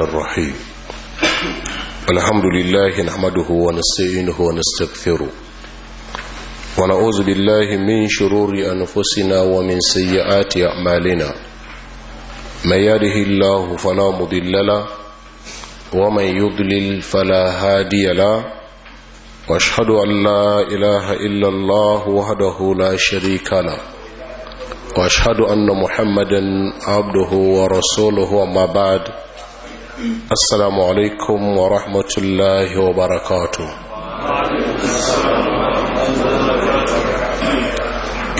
الرحيم الحمد لله نحمده ونستعينه ونستغفره ونعوذ بالله من شرور أنفسنا ومن سيئات أعمالنا من يده الله فلا مضل له ومن يضلل فلا هادي له واشهد أن لا إله إلا الله وحده لا شريك له واشهد ان محمدا عبده ورسوله وما بعد assalamu alaikum wa rahmatullahi wa barakatu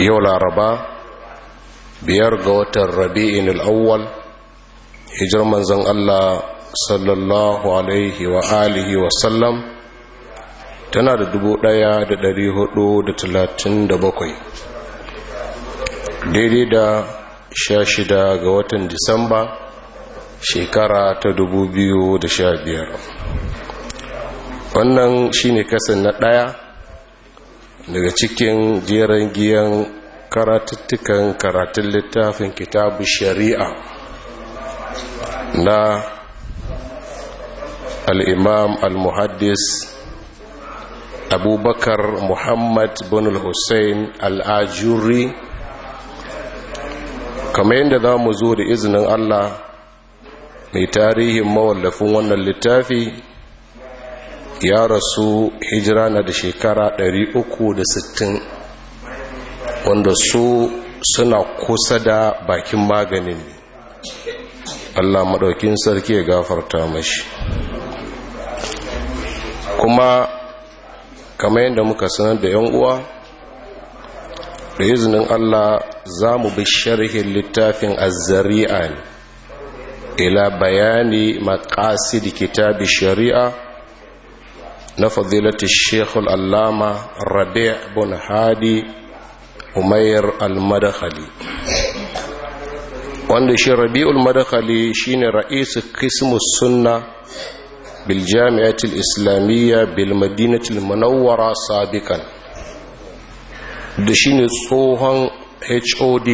yau laraba biyar ga watan rabi'in al'awwal hijar manzan Allah sallallahu alaihi wa alihi wa sallam tana da dubu ɗaya da dari hudu da talatin da bakwai daidai da sha shida ga watan disamba shekara ta dubu biyu da sha biyar. wannan shine kasan na ɗaya daga cikin jeran giyan karatuttukan karatun littafin kitabu shari'a na al'imam al-muhaddis abubakar muhammad bin al-hussein al-ajuri kamar yadda za mu zo da izinin allah mai tarihin mawallafin wannan littafi ya rasu hijira na da shekara 360 wanda su suna kusa da bakin maganin allah maɗaukin sarki ya gafarta mashi kuma kamar yadda muka sanar da 'yan uwa da izinin allah za mu bi sharhin littafin azzari'a ne ila bayani maqasid kitabi shari'a na fadilati Sheikh alama allama Rabi' bin Hadi Umair al-Madakhali wanda shi Rabi'ul Madakhali shine ra'isu qismus sunna bil jami'ati islamiyya bil madinati munawwara sabiqan da shine tsohon HOD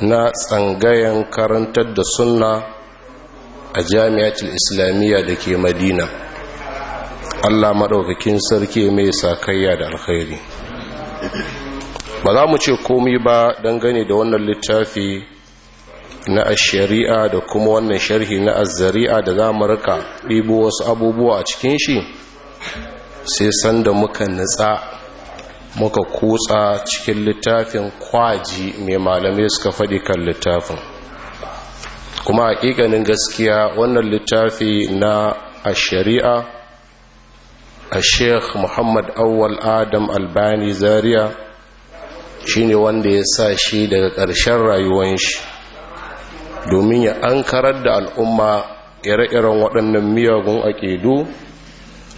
na tsangayen karantar da sunna a jami'atul islamiyya da ke madina allah maɗaukakin sarki mai sakayya da alkhairi ba za mu ce komi ba dangane da wannan littafi na shari'a da kuma wannan sharhi na azari'a da za mu rika ɗibo wasu abubuwa a cikin shi sai sanda muka nutsa muka kutsa cikin littafin kwaji mai malamai suka faɗi kan littafin kuma hakikanin gaskiya wannan littafi na a shari'a a sheikh muhammad awwal adam albani zaria shine wanda ya sa shi daga ƙarshen rayuwan shi domin ya ankarar da al'umma ire-iren waɗannan miyagun aƙidu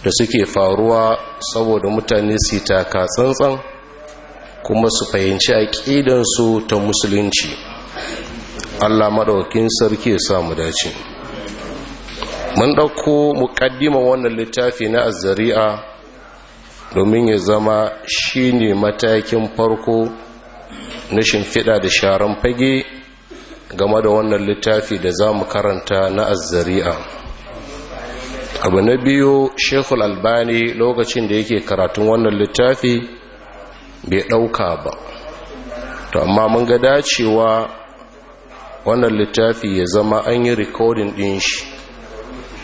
da suke faruwa saboda mutane su yi taka tsantsan kuma su fahimci aƙidansu ta musulunci allah maɗaukin sarki ya samu dace mun ɗauko muƙaddima wannan littafi na azzari'a domin ya zama shi ne matakin farko na shimfiɗa da sharan fage game da wannan littafi da za mu karanta na azzari'a abu na biyu shekul albani lokacin da yake karatun wannan littafi bai ɗauka ba to amma mun ga dacewa wannan littafi ya zama an yi rikodin ɗin shi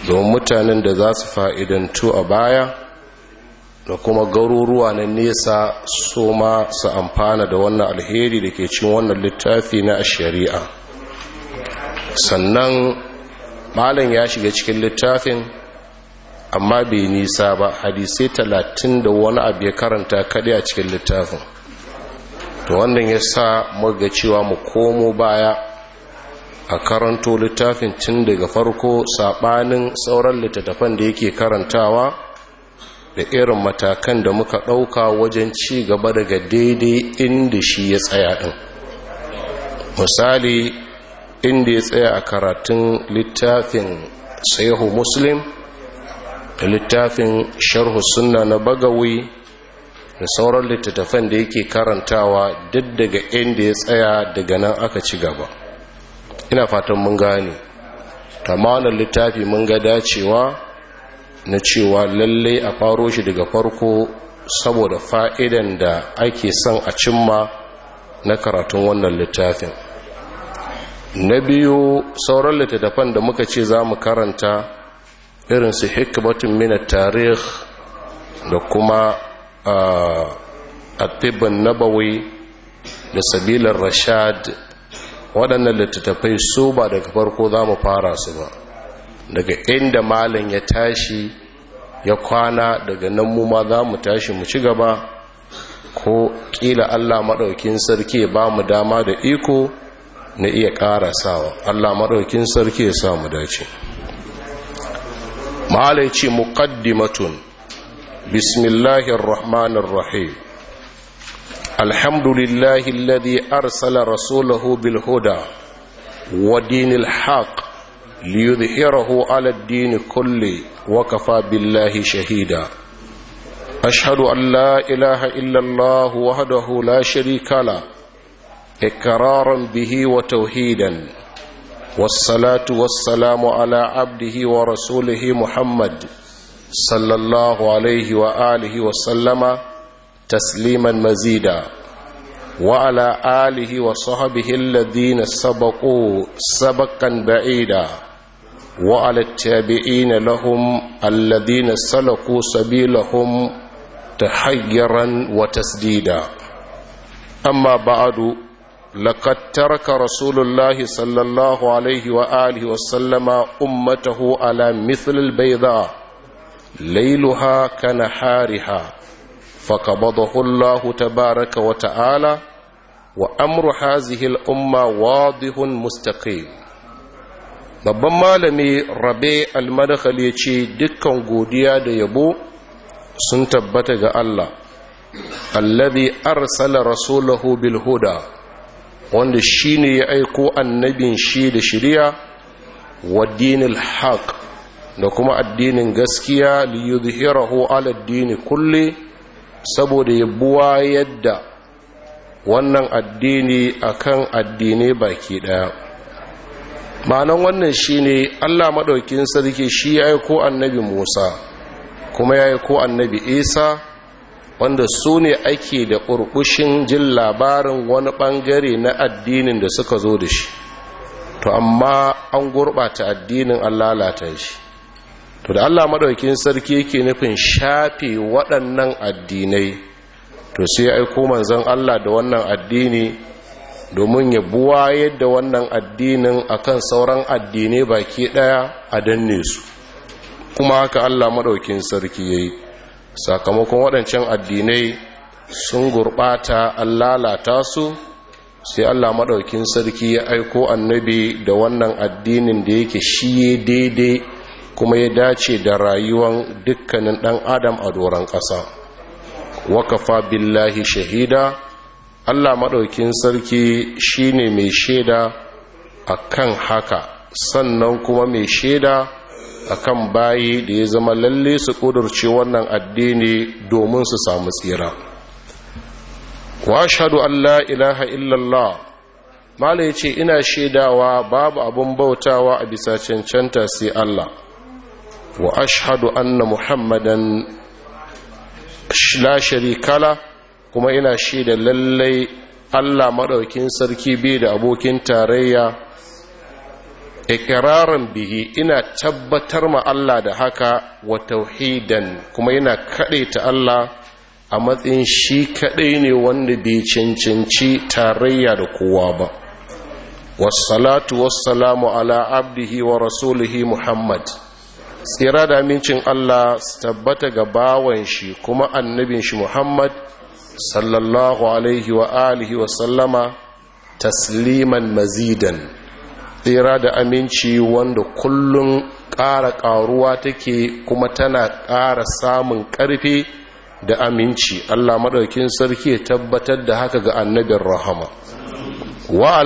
don mutanen da za su fa'idantu a baya da kuma garuruwa na nesa su ma su amfana da wannan alheri da ke cin wannan littafi na shari'a sannan malam ya shiga cikin littafin amma bai nisa ba hadisai talatin da wani abu ya karanta kaɗai a cikin littafin to wannan ya sa maga cewa mu komo baya a karanto littafin tun daga farko saɓanin sauran littattafan da yake karantawa da irin matakan da muka ɗauka wajen ci gaba daga daidai inda shi ya tsaya ɗin misali inda ya tsaya a karatun littafin sayahu muslim da littafin sharhu sunna na bagawi da sauran littattafan da yake karantawa duk daga inda ya tsaya daga nan aka ci gaba ina fatan mun gane tamanin littafi mun ga dacewa na cewa lalle a faro shi daga farko saboda fa'idan da ake son a cimma na karatun wannan littafin na biyu sauran littattafan da muka ce za mu karanta irin su hikmatun mina tarih da kuma atibin nabawi da sabilin rashad waɗannan littattafai su ba daga farko za mu fara su ba daga inda malin ya tashi ya kwana daga nan mu ma za mu tashi mu ci gaba ko ƙila allah maɗaukin sarki ba mu dama da iko na iya ƙara sawa allah maɗaukin sarki ya sa mu dace malai ce muqaddimatun bismillahirrahmanirrahim alhamdulillahi alladhi arsala rasulahu bil huda wa dinil haqq liyudhhirahu ala ad-din kulli wa kafa shahida ashhadu an la ilaha illa allah wahdahu la sharika bihi wa tawhidan wasalatu wasalamu ala abdihi wa rasulihi muhammad sallallahu alaihi wa alihi wa sallama tasliman mazida Wa'ala alihi wa sahabihi alladhina sabaqu sabaqan ba'ida wa ala tabi'ina lahum alladhina salaku sabilahum tahayyaran wa tasdida amma ba'du lakattarka rasulullahi sallallahu alaihi wa alihi wasallama ummatahu ala mithlil baida lailuha kana hariha فقبضه الله تبارك وتعالى وأمر هذه الأمة واضح مستقيم babban malami rabe almadakal ya ce dukkan godiya da yabo sun tabbata ga Allah allazi arsala rasulahu bil huda wanda shi ne ya aiko annabin shi da shirya wa dinil haq da kuma addinin gaskiya li yuzhirahu ala kulli saboda ya buwa yadda wannan addini akan addini baki daya ma'anan wannan shine Allah madaukin sarki shi ya aiko annabi Musa kuma ya aiko annabi Isa wanda su ne ake da ƙurƙushin jin labarin wani ɓangare na addinin da suka zo da shi to amma an gurɓata addinin an lalata shi to da allah maɗaukin sarki yake nufin shafe waɗannan addinai to sai aiko manzon allah da wannan addini domin ya buwa yadda wannan addinin akan sauran addinai baki ɗaya a danne su kuma haka allah maɗaukin sarki ya yi sakamakon waɗancan addinai sun gurɓata an lalata su sai allah maɗaukin sarki ya aiko annabi da wannan addinin da yake shiye daidai kuma ya dace da rayuwan dukkanin ɗan adam a doron ƙasa wakafa billahi shahida allah maɗaukin sarki shine mai shaida a kan haka sannan kuma mai shaida akan bayi da ya zama lalle su kudurce wannan addini domin su samu tsira wa ashhadu Allah ilaha illallah mala yace ina shaidawa babu abun bautawa a bisa cancanta sai Allah wa ashhadu anna muhammadan la sharikala kuma ina shaida lallai Allah maɗaukin sarki bai da abokin tarayya ikirarin bihi ina tabbatar ma Allah da haka wa tauhidan kuma yana ta Allah a matsayin shi kaɗai ne wanda bai cancanci tarayya da kowa ba wassalatu wassalamu ala abdihi wa rasulihi muhammad tsira da amincin allah su tabbata ga bawan shi kuma annabin shi muhammad sallallahu alaihi wa alihi wa sallama tasliman mazidan tsira da aminci wanda kullum ƙara ƙaruwa take kuma tana ƙara samun ƙarfi da aminci Allah maɗaukin sarki ya tabbatar da haka ga annabin rahama wa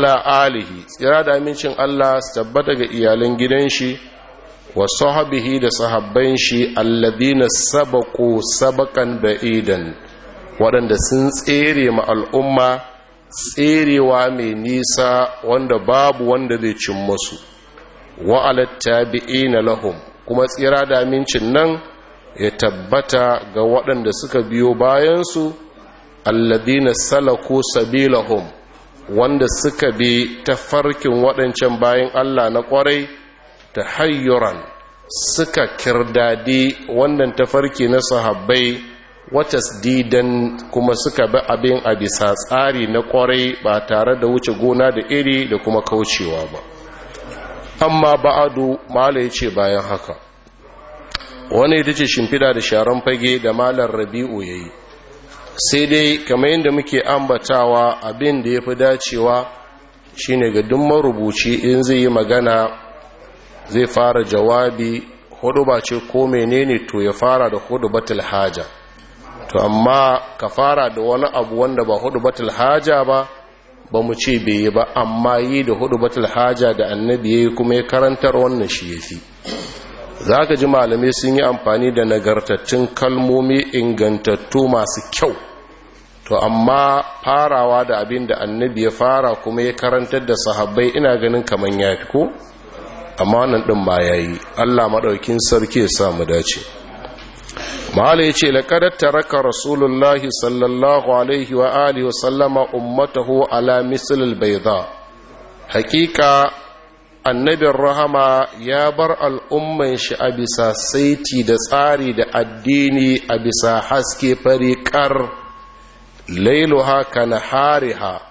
alihi tsira da amincin Allah su tabbata ga iyalan gidan shi wa sahabihi da sahabban shi alladina sabaqu sabaqan ba'idan waɗanda sun tsere ma al'umma tserewa mai nisa wanda babu wanda zai cin masu wa'alar tabi'i na lahum kuma tsira da amincin nan ya tabbata ga waɗanda suka biyo bayansu alladina salaku lahum wanda suka bi ta farkin waɗancan bayan Allah na ƙwarai ta hayyuran suka kirdadi wannan tafarki na sahabbai watas didan kuma suka bi abin a bisa tsari na kwarai ba tare da wuce gona da iri da kuma kaucewa ba amma ba'adu mala ya ce bayan haka wani ita ce shimfida da sharan fage da malar rabi'u ya yi sai dai kamar yadda muke ambatawa abin da ya fi dacewa shine ga duk marubuci in zai yi magana zai fara jawabi hudu ba ce ko menene to ya fara da hudu batul haja to amma ka fara da wani abu wanda ba hudu batul haja ba ba mu ce bai yi ba amma yi da hudu batul haja da annabi ya kuma ya karantar wannan shi ya fi za ka ji malamai sun yi amfani da nagartattun kalmomi ingantattu masu kyau to amma farawa da abin da annabi ya fara kuma ya karantar da sahabbai ina ganin kamar ya fi ko amma nan ɗin ba ya yi allah maɗaukin sarki ya samu dace mahala ya ce laƙadar taraka rasulullahi sallallahu alaihi wa alihi wa sallama ummatahu ala bai baida hakika annabin rahama ya bar al'umman shi a bisa saiti da tsari da addini a bisa haske fariƙar lailuha ka hariha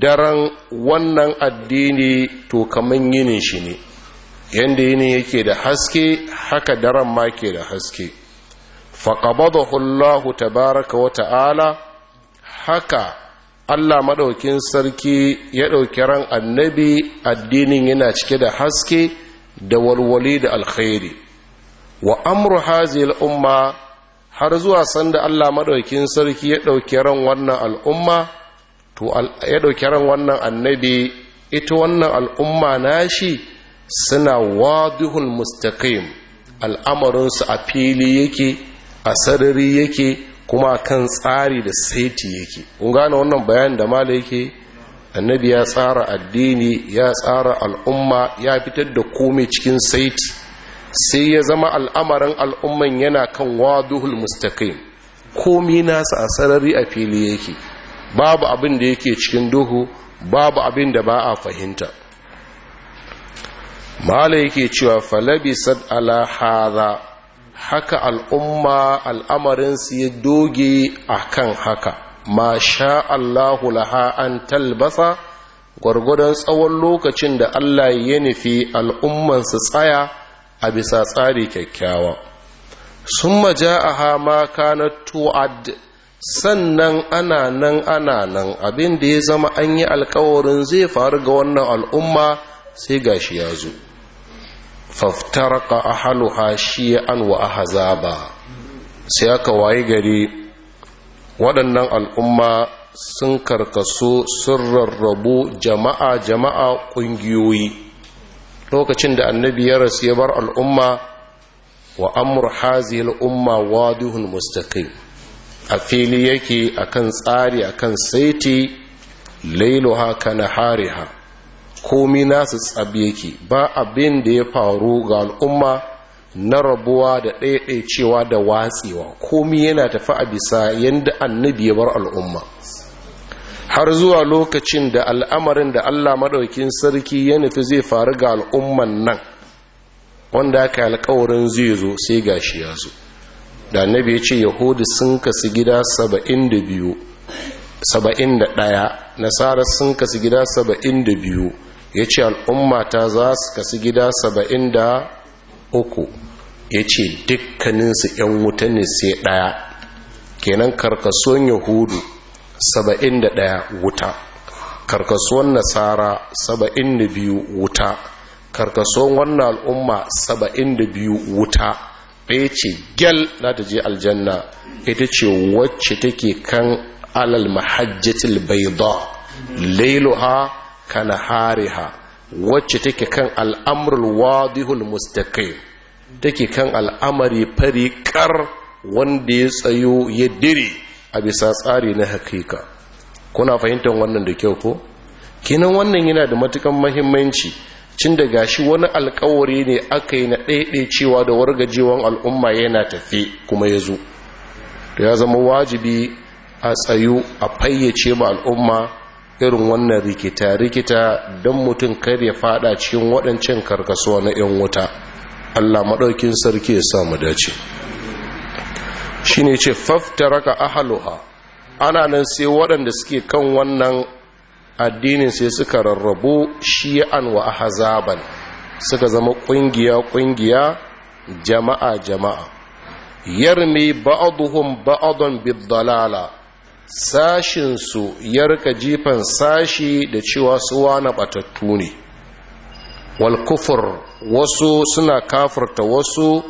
daren wannan addini to kaman yinin shi ne yadda yini yake da haske haka daren ma ke da haske faƙabadahu Allah tabaraka wa ta'ala haka Allah maɗaukin sarki ya ɗauki ran annabi addinin yana cike da haske da walwali da alkhairi wa amru hazil umma har zuwa sanda Allah maɗaukin sarki ya ɗauki ran wannan al'umma to ya ɗauki ran wannan annabi ita wannan al'umma nashi suna waduhun mustaqim al'amarinsu a fili yake a sarari yake kuma kan tsari da saiti yake kun gane wannan bayan da mala yake annabi ya tsara addini ya tsara al'umma ya fitar da komai cikin saiti sai ya zama al'amarin al'umman yana kan waduhul mustaqim komai nasa a sarari a fili yake babu abin da yake cikin duhu babu abin da ba a fahimta mala yake cewa falabisat ala hadha haka al'umma al'amarinsu ya doge a kan haka ma sha Allahu laha an talbasa gwargwadon tsawon lokacin da Allah ya nufi al'ummansu tsaya a bisa tsari kyakkyawa sun maja a hama kanar tu'ad sannan ana nan ana nan abin da ya zama an yi alkawarin zai faru ga wannan al'umma sai gashi ya zo faftaraka ahaluha shi'an wa ahzaba sai aka waye gari waɗannan al'umma sun karkasu sun rarrabu jama'a jama'a ƙungiyoyi lokacin da annabi ya rasu ya bar al'umma wa amur hazihil umma wadihun mustaqim a fili yake akan tsari akan saiti lailuha kana hariha komi nasu tsab yake ba abin da ya faru ga al'umma na rabuwa da ɗaiɗaicewa da watsewa komi yana tafi a bisa yadda annabi ya bar al'umma har zuwa lokacin da al'amarin da allah maɗaukin sarki ya nufi zai faru ga al'umman nan wanda aka alkawarin zai zo sai gashi ya zo da annabi ya ce yahudu sun kasu gida saba'in da biyu saba'in da ɗaya nasara sun kasu gida saba'in da biyu ya ce al'ummata za su kasu gida saba'in da uku ya ce dukkaninsu ‘yan wuta ne sai ɗaya kenan karkason yahudu saba'in da ɗaya wuta karkason nasara saba'in da biyu wuta karkason wannan al'umma saba'in da biyu wuta ɗaya ce gyal zata ta je aljanna ita ce wacce take kan alal mahajjatil baida lailuha kana hariha wacce take kan al'amrul wadihul mustaqim take kan al'amari fari kar wanda ya tsayo ya dire a bisa tsari na hakika kuna fahimtar wannan da kyau ko kinan wannan yana da matukan mahimmanci cin da gashi wani alkawari ne aka yi na cewa da wargajewan al'umma yana tafi kuma ya zo ya zama wajibi a tsayu a fayyace ba al'umma irin wannan rikita-rikita don mutum kar ya fada cikin waɗancan karkasuwa na 'yan wuta allah maɗaukin sarki ya samu dace shi ne ce faftaraka ahaluha ana nan sai waɗanda suke kan wannan addinin sai suka rarrabu shi'an wa ahazaban suka zama ƙungiya-ƙungiya jama'a-jama'a yarmi ba'aduhum ba'adun bidalala sashinsu ya rika jifan sashi da cewa suwa na batattu ne wal wasu suna kafurta wasu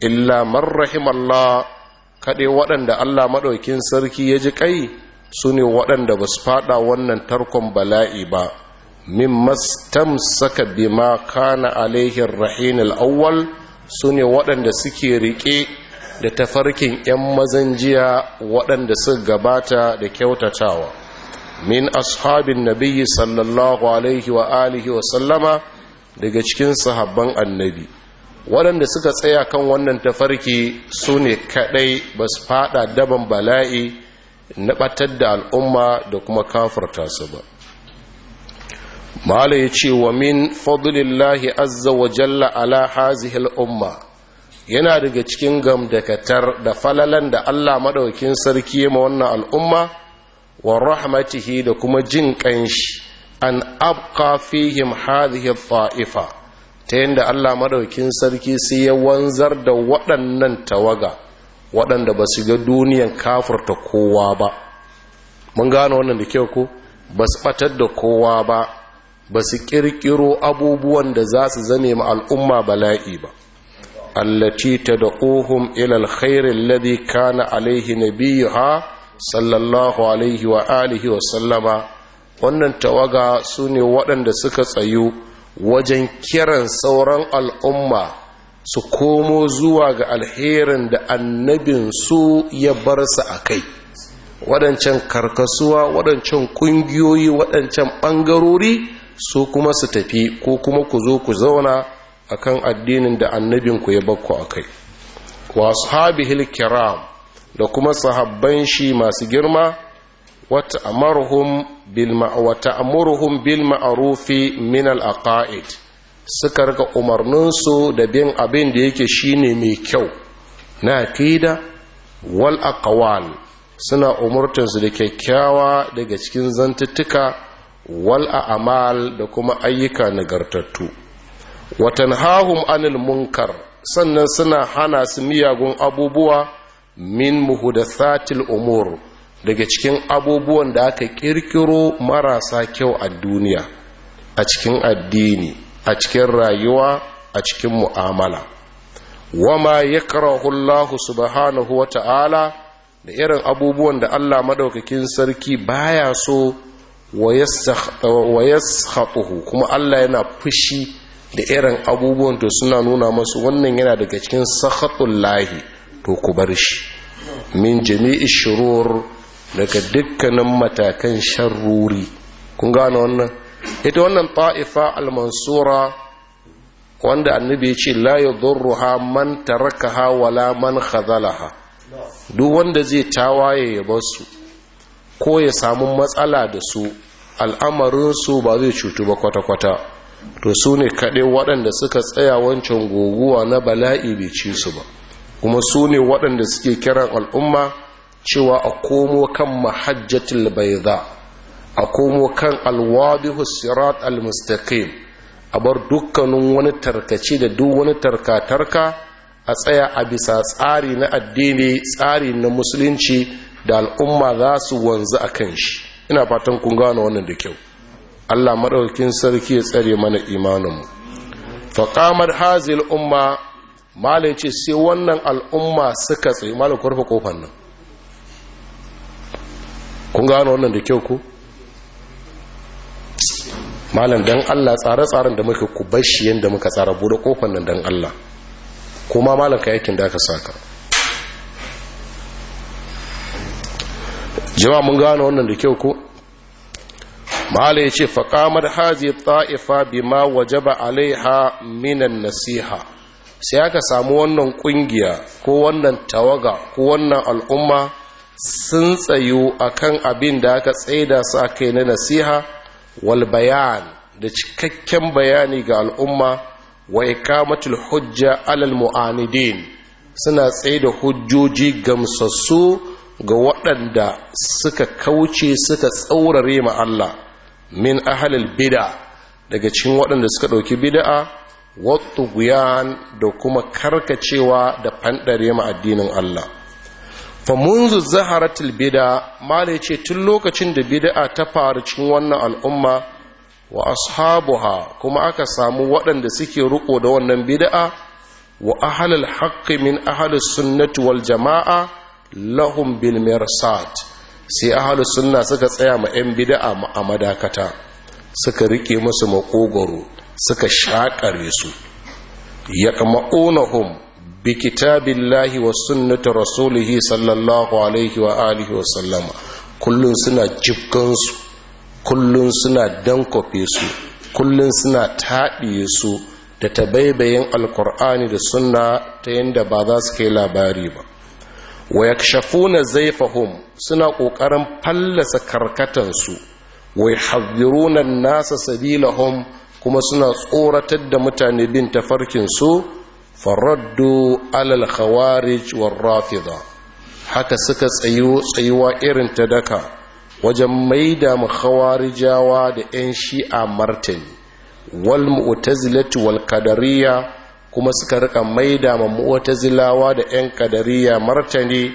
illa marrahim Allah kaɗe waɗanda Allah maɗaukin sarki ya ji ƙai su ne waɗanda ba su faɗa wannan tarkon bala'i ba min mastamsaka bima kana alaihin rahinil awwal su ne waɗanda suke riƙe da tafarkin 'yan mazan jiya waɗanda su gabata da kyautatawa min ashabin nabiyyi sallallahu alaihi wa alihi wa sallama daga cikin sahabban annabi waɗanda suka tsaya kan wannan tafarki su ne kaɗai ba su faɗa daban bala'i na ɓatar da al'umma da kuma kafarta su ba mala ya ce wa min fadlillahi azza wa jalla ala hazihil umma yana daga cikin gamdakatar da falalan da Allah maɗaukin sarki ma wannan al'umma wa rahmatihi da kuma jin ƙanshi an abqa fihim hadhihi ta'ifa ta yadda Allah maɗaukin sarki sai ya wanzar da waɗannan tawaga waɗanda ba su ga duniyan kafurta kowa ba mun gano wannan da kyau ko ba su ɓatar da kowa ba ba su ƙirƙiro abubuwan da za su zame ma al'umma bala'i ba التي تدعوهم إلى الخير الذي kana alayhi نبيها صلى الله عليه وآله وسلم wannan tawaga sune waɗanda suka tsayu wajen kiran sauran al'umma su komo zuwa ga alherin da annabin su ya bar su a kai waɗancan karkasuwa waɗancan ƙungiyoyi waɗancan ɓangarori su kuma su tafi ko kuma ku zo ku zauna akan addinin da annabinku ya bakko akai wa ashabihil kiram da kuma sahabban shi masu girma wata amurhum bil ma'arufi min al aqaid suka rika umarninsu da bin abin da yake shine mai kyau na aqida wal aqwal suna umurtansu da kyakkyawa daga cikin zantuttuka wal a'mal da kuma ayyuka nagartattu watan anil munkar sannan suna hana su miyagun abubuwa min muhudathatil umur daga cikin abubuwan da aka kirkiro marasa kyau a duniya a cikin addini a cikin rayuwa a cikin mu'amala wama yakrahu Allah subhanahu wa ta'ala da irin abubuwan da Allah madaukakin sarki baya so wa kuma Allah yana fushi da irin abubuwan to suna nuna masu wannan yana daga cikin sakhatun lahi to ku bar shi min jami'i shirur daga dukkanin matakan sharruri kun gane wannan ita wannan ta'ifa al-mansura wanda annabi ya ce la yadurruha man tarakaha wala man khazalaha duk wanda zai tawaye ya bar su ko ya samu matsala da su al'amarin su ba zai cutu ba kwata-kwata to su ne kaɗai waɗanda suka tsaya wancan guguwa na bala'i bai ci su ba kuma su ne waɗanda suke kiran al'umma cewa a komo kan mahajjatul baiza a komo kan alwadihu sirat almustaqim a bar dukkanin wani tarkace da duk wani tarkatarka a tsaya a bisa tsari na addini tsari na musulunci da al'umma za su wanzu a kan shi ina fatan kun gano wannan da kyau Allah maɗaukin sarki ya tsare mana imaninmu faƙamar hazil umma malai ce sai wannan al'umma suka tsaye malai kurfa kofan nan kun gano wannan da kyau ku malam dan Allah tsare-tsaren da muka ku bashi yadda muka tsara bude kofan nan dan Allah kuma malam ka yakin da aka saka jima mun gano wannan da kyau ku mahala ya ce faƙamar haji ta'ifa bima wajaba alaiha minan nasiha sai aka samu wannan ƙungiya ko wannan tawaga ko wannan al'umma sun tsayu a kan abin da aka tsaida su aka yi na nasiha wal bayan da cikakken bayani ga al'umma wa ikamatul hujja alal mu'anidin suna tsaida hujjoji gamsassu ga waɗanda suka kauce suka tsaurare ma Allah min ahalil bida daga cikin waɗanda suka ɗauki bida'a wato guyan da kuma karkacewa da fanɗare ma addinin Allah fa munzu zaharatul bida mala yace tun lokacin da bida'a ta faru cikin wannan al'umma wa ashabuha kuma aka samu waɗanda suke ruko da wannan bida'a. wa ahlul haqqi min ahlus sunnati wal jama'a lahum bil mirsad sai ahalu sunna suka tsaya ma 'yan bida'a a madakata suka rike musu makogoro suka shaƙare su ya ƙama'unahum bi biLlahi wa sunnata rasulihi sallallahu alaihi wa alihi wa sallama kullum suna jibgansu kullum suna dankofe su kullum suna taɗiye su da tabaibayin alkur'ani da sunna ta yadda ba za su kai labari ba wa zai zaifahum suna ƙoƙarin fallasa karkatansu wa yahadhiruna na nasa hom kuma suna tsoratar da mutane bin tafarkinsu faraddu alal khawarij war rafida haka suka tsayo tsayuwa irin ta daka wajen maida mu khawarijawa da 'yan shi'a martani wal mu'tazilati wal kadariya kuma suka rika maida ma zilawa da 'yan kadariya martani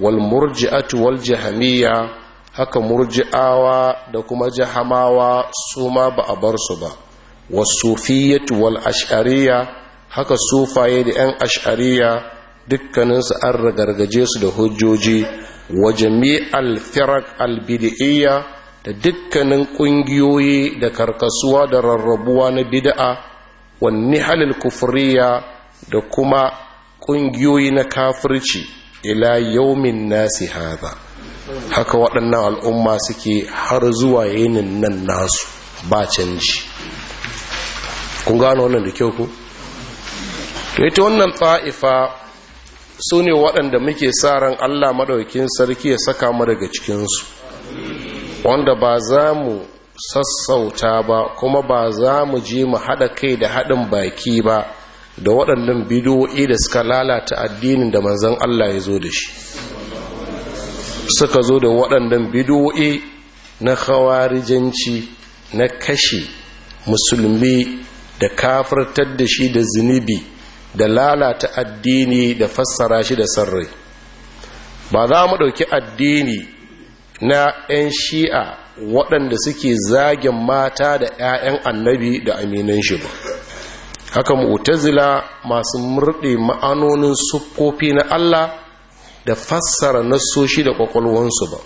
wal murji'atu wal haka murji'awa da kuma jahamawa su ma ba a bar su ba wasufiyatu wal ash'ariya haka sufaye da 'yan ashariya dukkaninsu an ragargaje su da hujjoji wa jami'al firak al bid'iyya da dukkanin ƙungiyoyi da karkasuwa da rarrabuwa na bid'a wani halin kufuriya da kuma ƙungiyoyi na kafirci ila yaumin nasi haza haka waɗannan al'umma suke har zuwa yinin nan nasu ba canji kun gano wannan da kyau ku? to ita wannan ta'ifa su ne waɗanda muke sa ran Allah maɗaukin sarki ya saka mu daga cikinsu wanda ba za mu sassauta ba kuma ba za mu je mu haɗa kai da haɗin baki ba da waɗannan bidowi da suka lalata addinin da manzan Allah ya zo da shi suka zo da waɗannan bidowi na khawarijanci na kashe musulmi da kafirtar da shi da zunubi da lalata addini da fassara shi da sarrai ba za mu ɗauki addini na 'yan shi'a waɗanda suke zagin mata da 'ya'yan annabi da aminan shi ba haka mu'tazila masu murɗe ma'anonin siffofi na Allah da fassara nassoshi da kwakwalwansu ba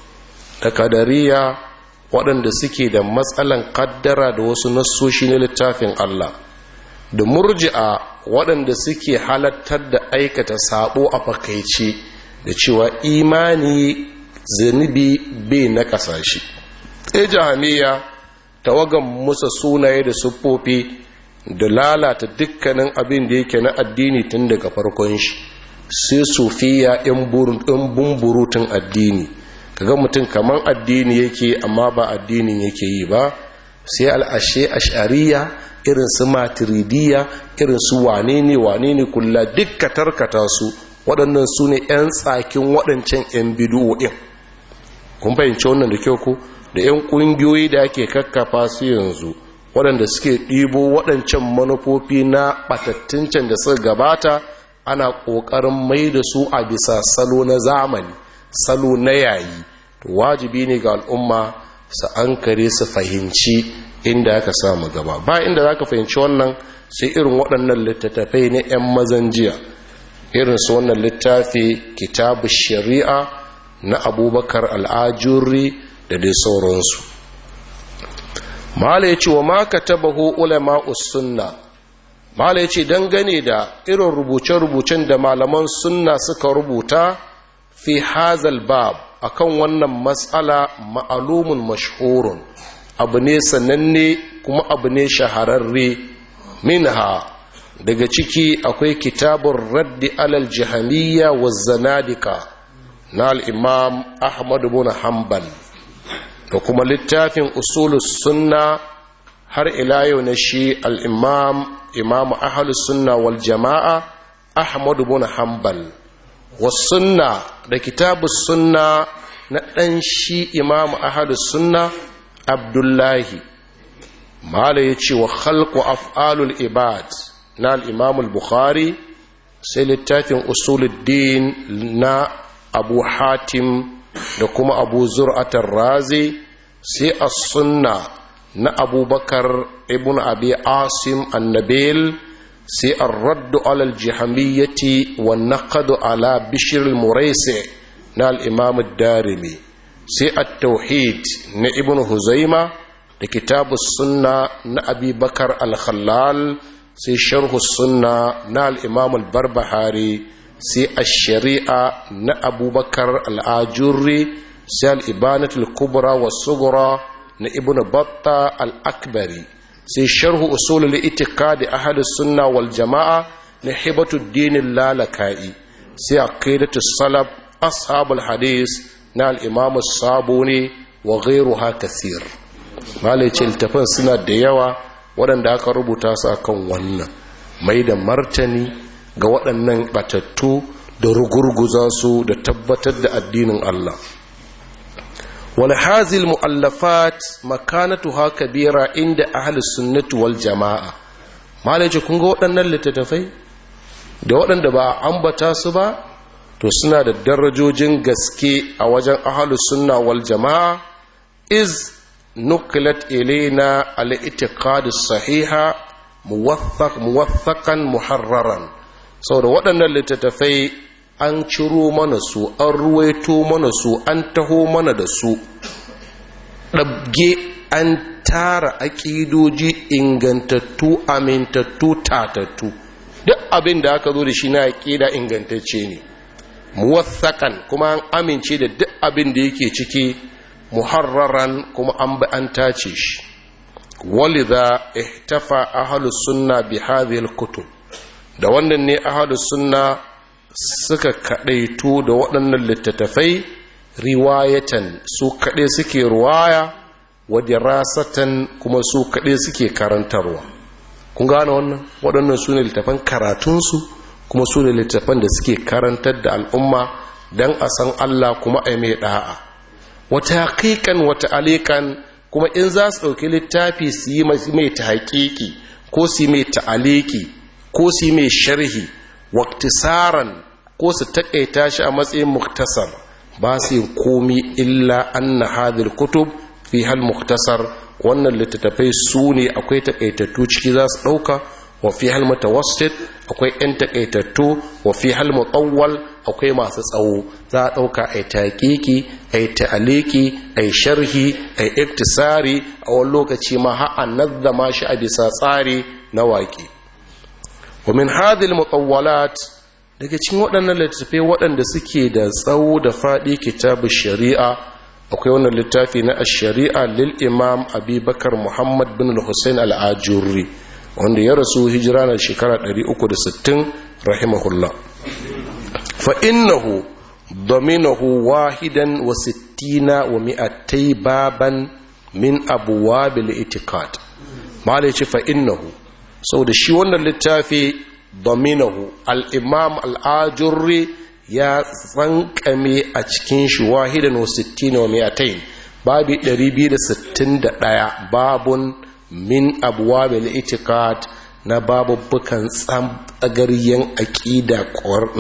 da kadariya waɗanda suke da matsalan kaddara da wasu nassoshi na littafin Allah da murji'a waɗanda suke halattar da aikata saɓo a fakaice da cewa imani zanibi bai na ƙasashe sai jahamiya tawagan musa sunaye da siffofi da lalata dukkanin abin da yake na addini tun daga farkon shi sai sufiya yan bumburutun addini kaga mutum kamar addini yake amma ba addinin yake yi ba sai al'ashe ash'ariya irin su matiridiya irin su wane ne wane ne kula dukka tarkata su waɗannan su ne 'yan tsakin waɗancan 'yan bidu'o'in kun fahimci wannan da kyau ku da 'yan ƙungiyoyi da ake kakkafa su yanzu waɗanda suke ɗibo waɗancan manufofi na ɓatattuncan da suka gabata ana ƙoƙarin mai da su a bisa salo na zamani salo na yayi wajibi ne ga al'umma su an kare su fahimci inda aka samu gaba ba inda za ka fahimci wannan sai irin waɗannan littattafai na 'yan mazan jiya irin su wannan littafi kitabu shari'a na abubakar al'ajurri da dai sauransu mala ya ce wa maka tabahu ulama usunna mala ya ce dangane da irin rubuce-rubucen da malaman sunna suka rubuta fi hazal bab akan wannan matsala ma'alumin mashhurun abu ne sananne kuma abu ne shahararre minha daga ciki akwai kitabun raddi alal jahaliya wa zanadika na al'imam Ahmadu bin hambal da kuma littafin usulus sunna har ila yau na shi al'imam imamu ahalus sunna wal jama'a ahmadu bin hanbal wasunna da kitabus sunna na ɗan shi imamu ahalus sunna abdullahi mala ya ce wa khalqu af'alul ibad na al'imamul bukhari sai littafin usuluddin na abu hatim da kuma abu zur'atar razi sai a sunna na abubakar ibn abi asim annabil sai a raddu alal jihamiyyati wa naqadu ala bishir muraisi na al'imam darimi sai a tauhid na ibn huzaima da kitabu sunna na abubakar al-khallal sai sharhu sunna na al'imam al-barbahari sai a shari'a na abubakar al'ajurri sai al kubra wa sugura na ibn batta al'akbari sai sharhu usulul itikadi da sunna wal jama'a na hibatul dinin lalaka'i sai a salaf ashabul hadis na al'imamu sabo ne wa gairu ha kasir malice littafin suna da yawa waɗanda aka rubuta su akan wannan mai da martani ga waɗannan ɓatattu da rugurguza su da tabbatar da addinin Allah wani hazil mu'allafat haka kabira inda ahli sunnatu wal jama'a kunga kun ga waɗannan littattafai da waɗanda ba a ambata su ba to suna da darajojin gaske a wajen ahli sunna wal jama'a iz nukilat ilaina al-itiqad as-sahiha muwaffaƙan muharraran saboda waɗannan littattafai an ciro mana su an ruwaito mana su an taho mana da su ɗabge an tara aƙidoji ingantattu amintattu tatattu duk abin da aka zo da shi na aƙida ingantacce ne muwassakan kuma an amince da duk abin da yake ciki muharraran kuma an bi an tace shi walidha ihtafa ahlus sunna bi hadhihi al-kutub da wannan ne ahadu sunna suka kadaito da waɗannan littattafai riwayatan su kaɗai suke ruwaya wa dirasatan kuma su kaɗai suke karantarwa kun gane wannan waɗannan su ne littattafan karatunsu kuma su ne littattafan da suke karantar da al'umma don a san Allah kuma a mai ɗa'a wata haƙiƙan wata alikan kuma in za su ɗauki littafi su yi mai ta haƙiƙi ko su yi mai ta ko su yi mai sharhi waktisaran ko su taƙaita shi a matsayin muktasar ba su yi komi illa anna hadhil kutub fi hal muktasar wannan littattafai su ne akwai taƙaitattu ciki za su ɗauka wa fi hal mutawassit akwai yan taƙaitattu wa fi hal mutawwal akwai masu tsawo za a ɗauka a taƙiƙi a ta'aliki a sharhi a iktisari a wani lokaci ma ha'a nazzama shi a bisa tsari na waƙe. wa min hadhihi al daga cikin waɗannan littattafai waɗanda suke da tsawo da faɗi kitabu shari'a akwai wannan littafi na shari'a lil imam abubakar muhammad bin Hussein alajuri wanda ya rasu hijira na shekara 360 rahimahullah fa innahu dominahu wahidan wa sittina wa mi'atai baban min abuwa bil itikad malai fa innahu da shi wannan littafi dominahu al-imam ya tsankame a cikin shi wahidan wa sittina wa mi'atain babi 261 babun min mai itiqad na babubbukan tsagaryen aƙida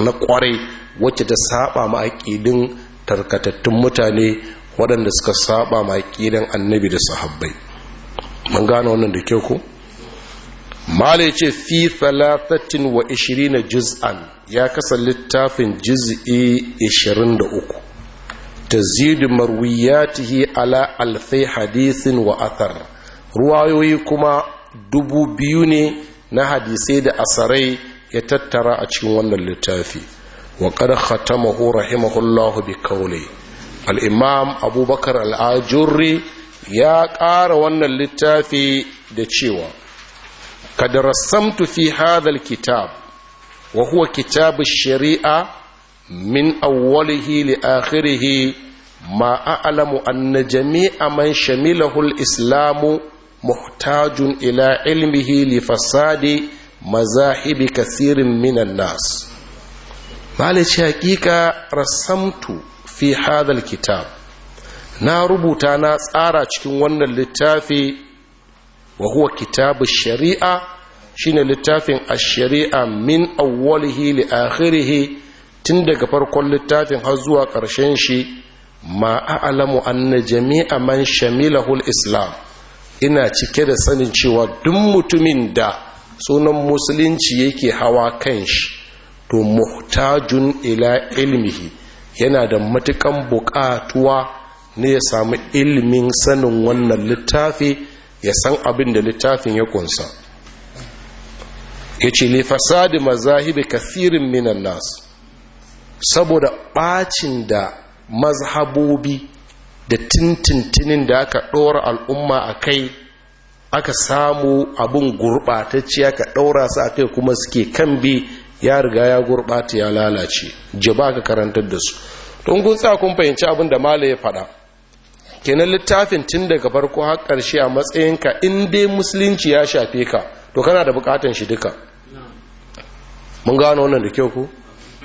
na ƙwarai wacce ta saba ma aƙidin tarkatattun mutane waɗanda suka saba ma aƙidan annabi da sahabbai mun gane wannan da kyau ko malai ce fi thalathatin wa ishirina juz'an ya kasa littafin juz'i ishirin da uku tazidu marwiyatihi ala alfai hadisin wa athar ruwayoyi kuma dubu biyu ne na hadisai da asarai ya tattara a cikin wannan littafi wa qad khatamahu rahimahullahu bi kaule al abubakar Al'ajurri ya ƙara wannan littafi da cewa kad rassamtu fi hadha kitab, wa huwa sharia min awwalihi li akhirih ma jami'a man shamilahu al-islamu muhtajun ila ilmihi li fasadi mazahibi kathirin minan nas malice hakika rasamtu fi hadal kitab na rubuta na tsara cikin wannan littafi wa huwa kitabu shari'a shine littafin ash-shari'a min awwalihi li akhirihi tun daga farkon littafin har zuwa ƙarshen shi ma a'lamu anna jami'a man shamilahu al-islam ina cike da sanin cewa duk mutumin da sunan musulunci yake hawa kan shi to muhtajun ila ilmihi yana da matukan buƙatuwa ne ya samu ilmin sanin wannan littafi ya san abin da littafin ya kunsa ya ce fasadi mazahibi kafirin minan nas saboda ɓacin da mazhabobi da tintintinin da aka ɗora al'umma a kai aka samu abin gurɓatacce aka ɗora su a kai kuma suke kan bi ya riga ya gurɓata ya lalace jaba ka karantar da su don gutsa kun fahimci abin da malaye ya faɗa kenan littafin tun daga farko har karshe a matsayinka in dai musulunci ya shafe ka to kana da bukatan shi duka mun gano wannan da kyau ku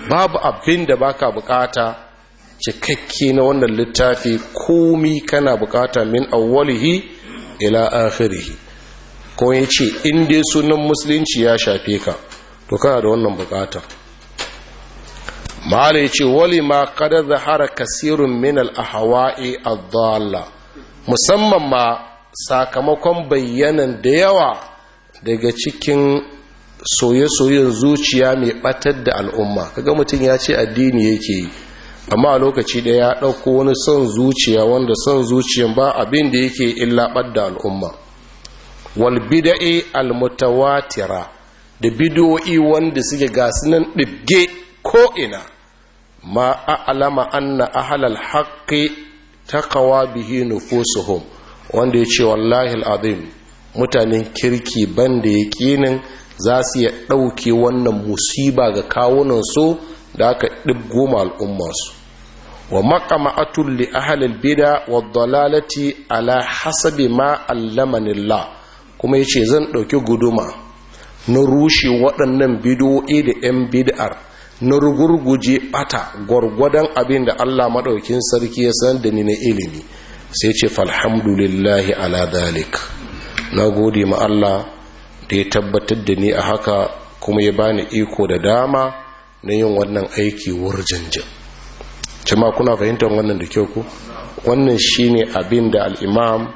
babu abin da baka bukata cikakke na wannan littafi komi kana bukata min awwalihi ila akhirihi ko yace in dai sunan musulunci ya shafe ka to kana da wannan bukata mala ce wali ma kada zahara kasirun min al ahwa'i ad musamman ma sakamakon bayyanan da yawa daga cikin soye-soyen zuciya mai batar da al'umma kaga mutum ya ce addini yake yi amma a lokaci da ya ɗauko wani son zuciya wanda son zuciyan ba abin da yake illa da al'umma wal bida'i almutawatira da bidoyi wanda suke gasu nan ɗibge ko'ina ma a'lama anna ahlal haqqi taqwa bihi nufusuhum wanda ya ce wallahi al'azim mutanen kirki banda yaƙinin za su iya ɗauke wannan musiba ga kawunan su da aka al'umma al'ummarsu wa maƙama'atun li ahalil bida wa dalalati ala hasabi ma allamanillah kuma ya ce zan ɗauki guduma na rushe waɗannan bidoyi da 'yan bid'ar na rugurguje bata gwargwadon abin da Allah maɗaukin sarki ya san da ni na ilimi sai ce falhamdulillahi ala dalik na gode ma Allah da ya tabbatar da ni a haka kuma ya bani iko da dama na yin wannan aiki wurjanjin jama kuna fahimtar wannan da kyau ku wannan shine abin da alimam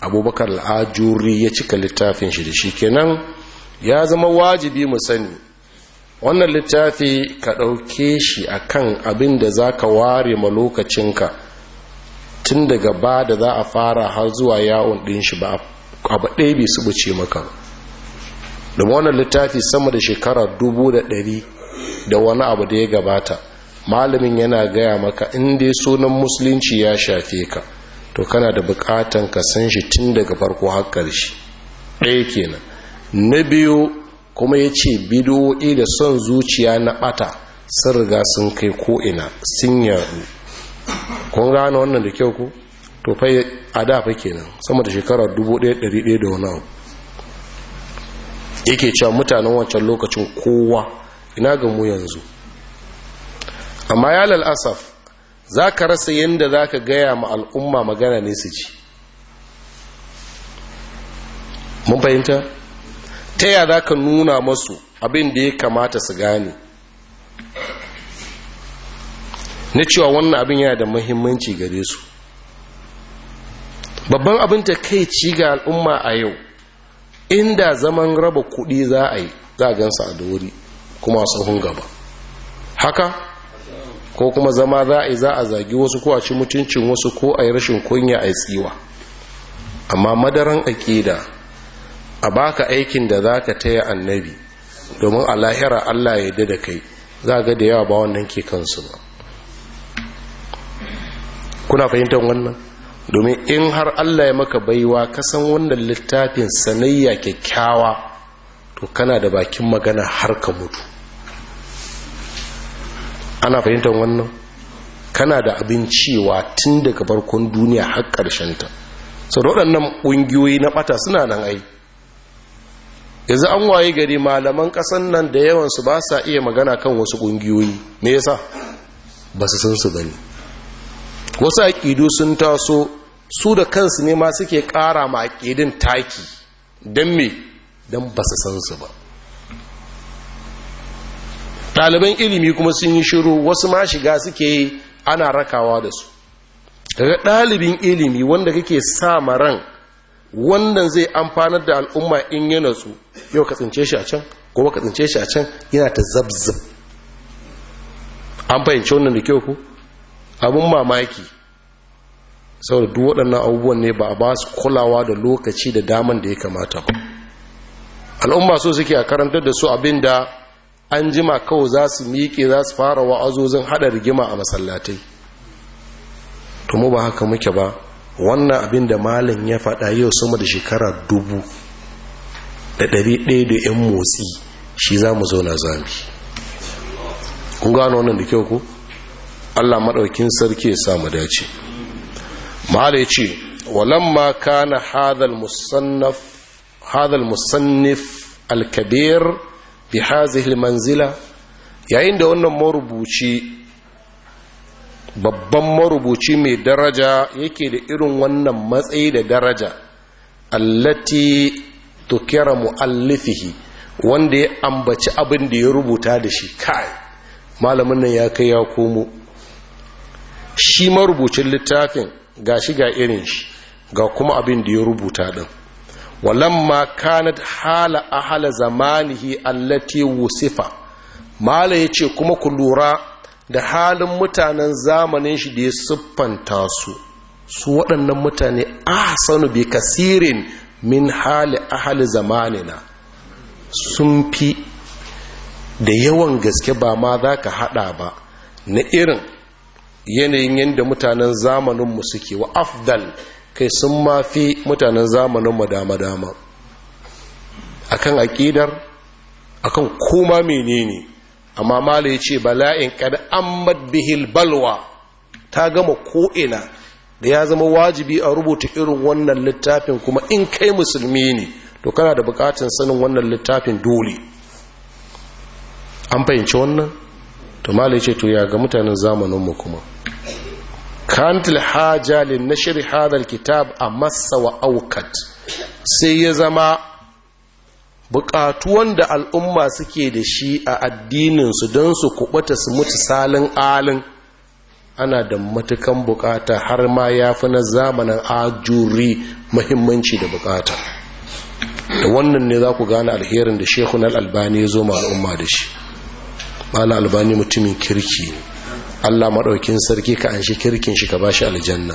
abubakar al'ajuri ya cika littafin shi da shi kenan ya zama wajibi mu sani wannan littafi ka ɗauke shi akan abin da za ka ware ma lokacinka tun daga ba da za a fara har zuwa yawon ɗin shi ba a ɗaya bai su buce maka domin wannan littafi sama da shekarar dubu da ɗari da wani abu da ya gabata malamin yana gaya maka inda sunan musulunci ya shafe ka to kana da bukatan ka san shi tun daga farko har ƙarshe ɗaya kenan na biyu kuma ya ce bidowo'i da son zuciya na ɓata sun riga sun kai ko'ina sun yaru kun gane wannan da kyau ku to fai a dafa kenan sama da shekarar 1100 da wani yake cewa mutanen wancan lokacin kowa ina ga mu yanzu amma ya lalasaf za ka rasa yadda za ka gaya ma al'umma magana ne su ji mun fahimta ta yada ka nuna masu abin da ya kamata su gane na cewa wannan abin yana da mahimmanci gare su babban abin ta kai ci ga al'umma a yau inda zaman raba kuɗi za a yi za a gansa a dori kuma sahun gaba haka ko kuma zama za a yi za a zagi wasu ko a ci mutuncin wasu ko a yi rashin kunya a yi tsiwa amma madaran aƙida a baka aikin da za ka taya annabi domin a lahira allah ya da kai za ga da yawa ba wannan ke kansu ba kuna fahimtar wannan domin in har allah ya maka baiwa kasan wannan littafin sanayya kyakkyawa to kana da bakin magana har ka mutu ana fahimtar wannan kana da abin cewa tun daga barkon duniya har ƙarshenta sau da waɗannan ƙungiyoyi na ɓata suna nan ai yanzu an waye gari malaman kasan nan da yawansu ba sa iya magana kan wasu kungiyoyi me yasa ba su san su bane wasu aƙidu sun taso su da kansu ne ma suke ƙara ma aqidin taki don me don ba su san su ba ɗaliban ilimi kuma sun yi shiru wasu ma shiga suke ana rakawa da su daga dalibin ilimi wanda kake sa maran wannan zai amfanar da al'umma in ya natsu yau ka tsince shi a can gobe ka tsince shi a can yana ta zabzab an fahimci wannan da kyau ku abin mamaki saboda duk waɗannan abubuwan ne ba a ba su kulawa da lokaci da daman da ya kamata ba al'umma so suke a karantar da su abin da an jima kawai za su miƙe za su fara wa'azozin haɗa rigima a masallatai to ba haka muke ba wannan abin da malam ya faɗa yau sama da shekara dubu da ɗari ɗaya da 'yan motsi shi za mu zauna zami kun gano wannan da kyau ku allah maɗaukin sarki ya samu dace mahala ya ce walamma kana hadal hadal musannif alkabir bi hazihil manzila yayin da wannan marubuci babban marubuci mai daraja yake da irin wannan matsayi da daraja allati To mu mu'allifihi wanda ya ambaci abin da ya rubuta da shi kai malamin nan ya kai ya komo shi marubucin littafin ga shi ga irin shi ga kuma abin da ya rubuta din walamma kanat hala ahala zamanihi allati wusifa mala yace kuma ku lura da halin mutanen zamanin shi da ya siffanta su su waɗannan mutane ahsanu bi kasirin min hali ahali zamanina sun fi da yawan gaske ba ma za ka hada ba na irin yanayin yadda mutanen zamaninmu suke wa afdal kai sun mafi mutanen zamaninmu dama-dama akan aƙidar akan koma menene amma mala ya ce bala'in kad an bihil balwa ta gama ko'ina da ya zama wajibi a rubuta irin wannan littafin kuma in kai musulmi ne to kana da bukatun sanin wannan littafin dole an fahimci wannan to malai ce to ya ga mutanen zamaninmu kuma kantil haja lin nashri hadal kitab a massa wa aukat sai ya zama bukatu da al'umma suke da shi a addininsu don su kubata su mutu salin alin ana da matukan bukata har ma ya fi na zamanin ajuri mahimmanci da bukata da wannan ne za ku gane alherin da shekun al'albani ya zo ma al'umma da shi bala albani mutumin kirki Allah maɗaukin sarki ka an shi kirkin shi ka ba shi aljanna